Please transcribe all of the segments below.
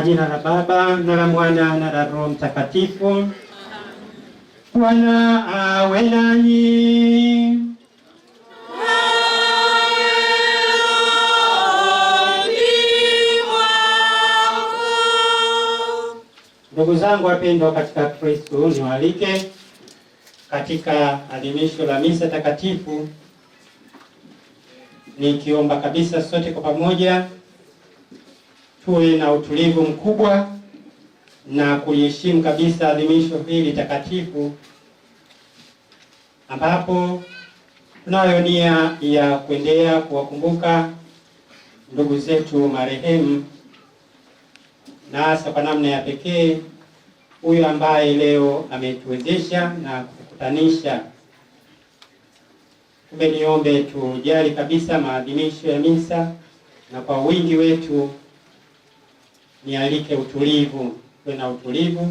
Kwa jina la Baba na la Mwana na la Roho Mtakatifu. Bwana awe nanyi. Ndugu zangu wapendwa katika Kristo, niwaalike katika adhimisho la misa takatifu, nikiomba kabisa sote kwa pamoja tuwe na utulivu mkubwa na kuliheshimu kabisa adhimisho hili takatifu, ambapo tunayo nia ya kuendelea kuwakumbuka ndugu zetu marehemu, na hasa kwa namna ya pekee huyu ambaye leo ametuwezesha na kukutanisha Tumeniombe niombe tujali kabisa maadhimisho ya misa na kwa wingi wetu nialike utulivu, tuwe na utulivu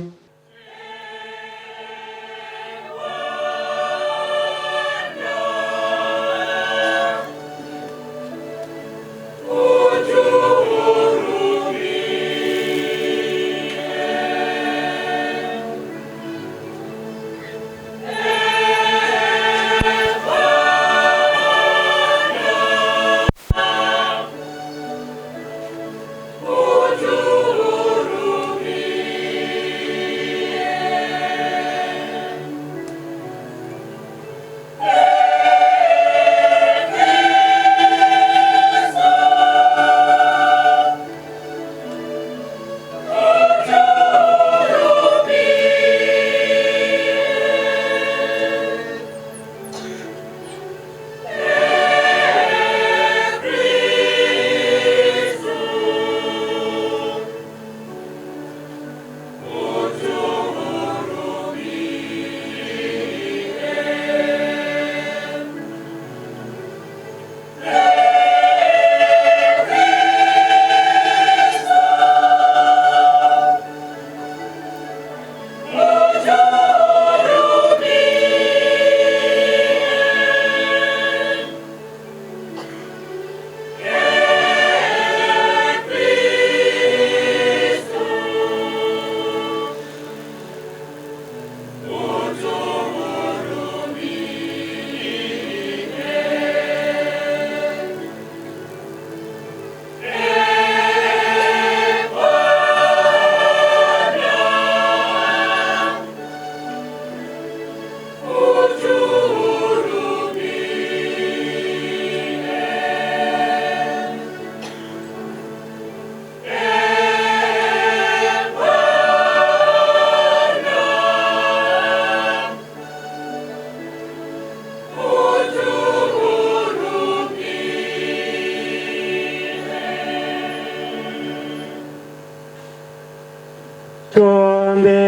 tuombe.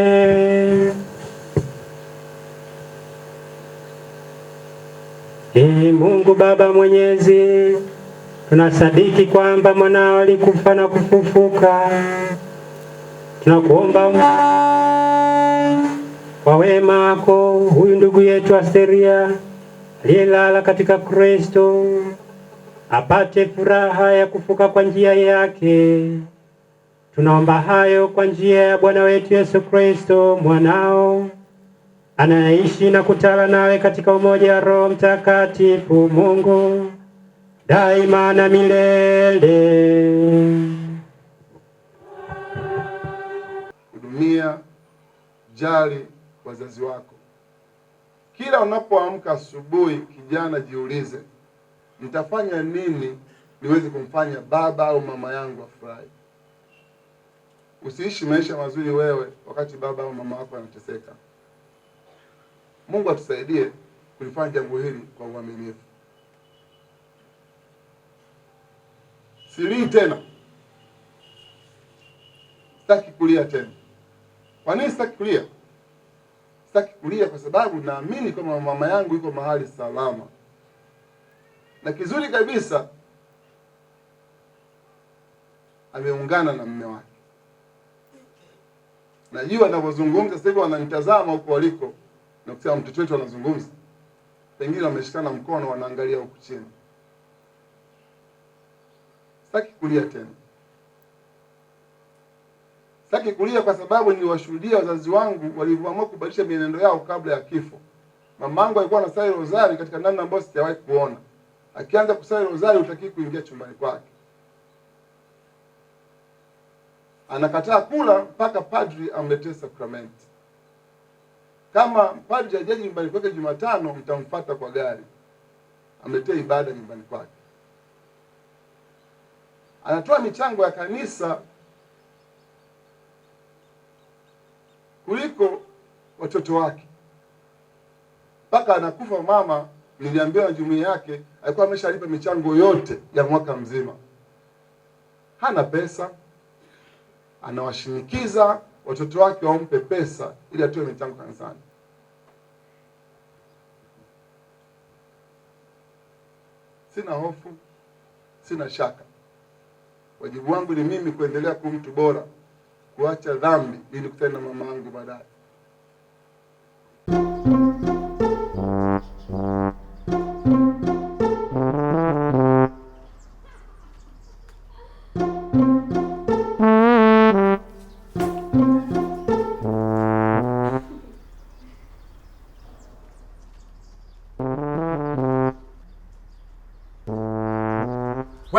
Ee Mungu Baba Mwenyezi, tunasadiki kwamba mwanao alikufa na kufufuka. Tunakuomba kwa wema wako huyu ndugu yetu Asteria aliyelala katika Kristo apate furaha ya kufuka kwa njia yake. Tunaomba hayo kwa njia ya Bwana wetu Yesu Kristo mwanao anayeishi na kutala nawe katika umoja wa Roho Mtakatifu Mungu daima na milele. Hudumia, jali wazazi wako. Kila unapoamka asubuhi, kijana, jiulize, nitafanya nini niweze kumfanya baba au mama yangu afurahi? Usiishi maisha mazuri wewe wakati baba au mama wako anateseka. Mungu atusaidie kulifanya jambo hili kwa uaminifu. Silii tena, sitaki kulia tena. Kwa nini sitaki kulia? Sitaki kulia kwa sababu naamini kwamba mama yangu yuko mahali salama, na kizuri kabisa ameungana na mume wake. Najua ninavyozungumza sasa hivi wananitazama huko waliko na kusema mtoto wetu anazungumza, pengine wameshikana mkono, wanaangalia huku chini. Sitaki kulia tena, sitaki kulia kwa sababu niliwashuhudia wazazi wangu walivyoamua kubadilisha mienendo yao kabla ya kifo. Mamangu alikuwa anasali rozari katika namna ambayo sijawahi kuona, akianza kusali rozari, utakii kuingia chumbani kwake. anakataa kula mpaka padri amletee sakramenti. Kama padri hajaji nyumbani kwake Jumatano, mtamfata kwa gari amletee ibada nyumbani kwake. Anatoa michango ya kanisa kuliko watoto wake, mpaka anakufa. Mama niliambiwa na jumuiya yake alikuwa ameshalipa michango yote ya mwaka mzima, hana pesa anawashinikiza watoto wake wampe pesa ili atoe michango kanisani. Sina hofu, sina shaka. Wajibu wangu ni mimi kuendelea kuwa mtu bora, kuacha dhambi ili kutana na mama yangu baadaye.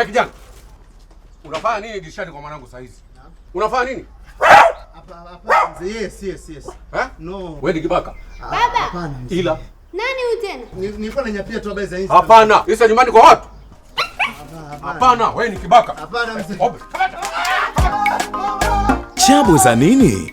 Wewe kijana. Unafanya nini dirishani kwa mwanangu saa hizi? Unafanya nini? Hapa hapa mzee. Yes, yes, yes. Eh? No. Wewe ni kibaka. Ah, Baba. Hapana. Ila. Nani huyu tena? Nilikuwa nanyapia tu habari za hizi. Hapana. Isa nyumbani kwa watu. Hapana, wewe ni kibaka. Hapana mzee. Chabu za nini?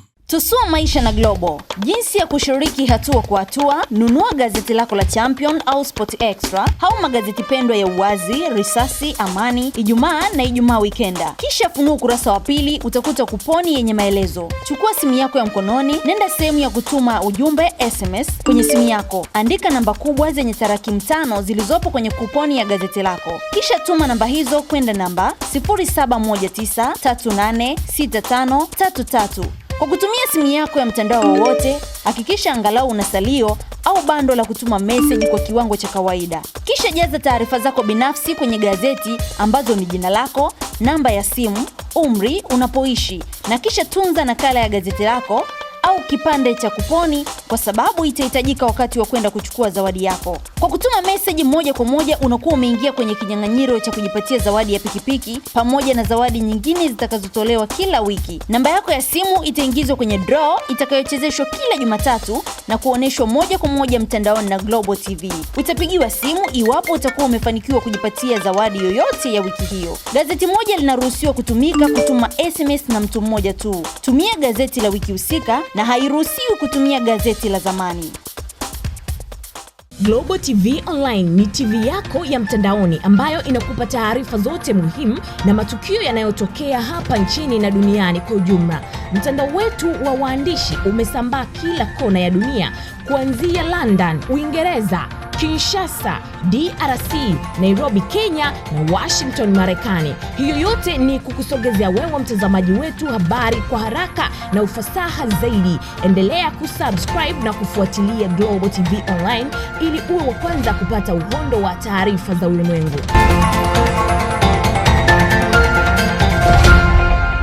Tusua maisha na Globo. jinsi ya kushiriki hatua kwa hatua. Nunua gazeti lako la Champion au Sport Extra au magazeti pendwa ya Uwazi, Risasi, Amani, Ijumaa na Ijumaa Wikenda, kisha funua ukurasa wa pili, utakuta kuponi yenye maelezo. Chukua simu yako ya mkononi, nenda sehemu ya kutuma ujumbe SMS kwenye simu yako, andika namba kubwa zenye tarakimu tano zilizopo kwenye kuponi ya gazeti lako, kisha tuma namba hizo kwenda namba 0719386533 kwa kutumia simu yako ya mtandao wowote, hakikisha angalau una salio au bando la kutuma meseji kwa kiwango cha kawaida. Kisha jaza taarifa zako binafsi kwenye gazeti ambazo ni jina lako, namba ya simu, umri, unapoishi na kisha tunza nakala ya gazeti lako au kipande cha kuponi kwa sababu itahitajika wakati wa kwenda kuchukua zawadi yako. Kwa kutuma meseji moja kwa moja, unakuwa umeingia kwenye kinyang'anyiro cha kujipatia zawadi ya pikipiki pamoja na zawadi nyingine zitakazotolewa kila wiki. Namba yako ya simu itaingizwa kwenye draw itakayochezeshwa kila Jumatatu na kuonyeshwa moja kwa moja mtandaoni na Global TV. Utapigiwa simu iwapo utakuwa umefanikiwa kujipatia zawadi yoyote ya wiki hiyo. Gazeti moja linaruhusiwa kutumika kutuma SMS na mtu mmoja tu. Tumia gazeti la wiki husika na hairuhusiwi kutumia gazeti la zamani. Global TV Online ni TV yako ya mtandaoni ambayo inakupa taarifa zote muhimu na matukio yanayotokea hapa nchini na duniani kwa ujumla. Mtandao wetu wa waandishi umesambaa kila kona ya dunia kuanzia London, Uingereza Kinshasa, DRC, Nairobi, Kenya na Washington, Marekani. Hiyo yote ni kukusogezea wewe mtazamaji wetu habari kwa haraka na ufasaha zaidi. Endelea kusubscribe na kufuatilia Global TV Online ili uwe wa kwanza kupata uhondo wa taarifa za ulimwengu.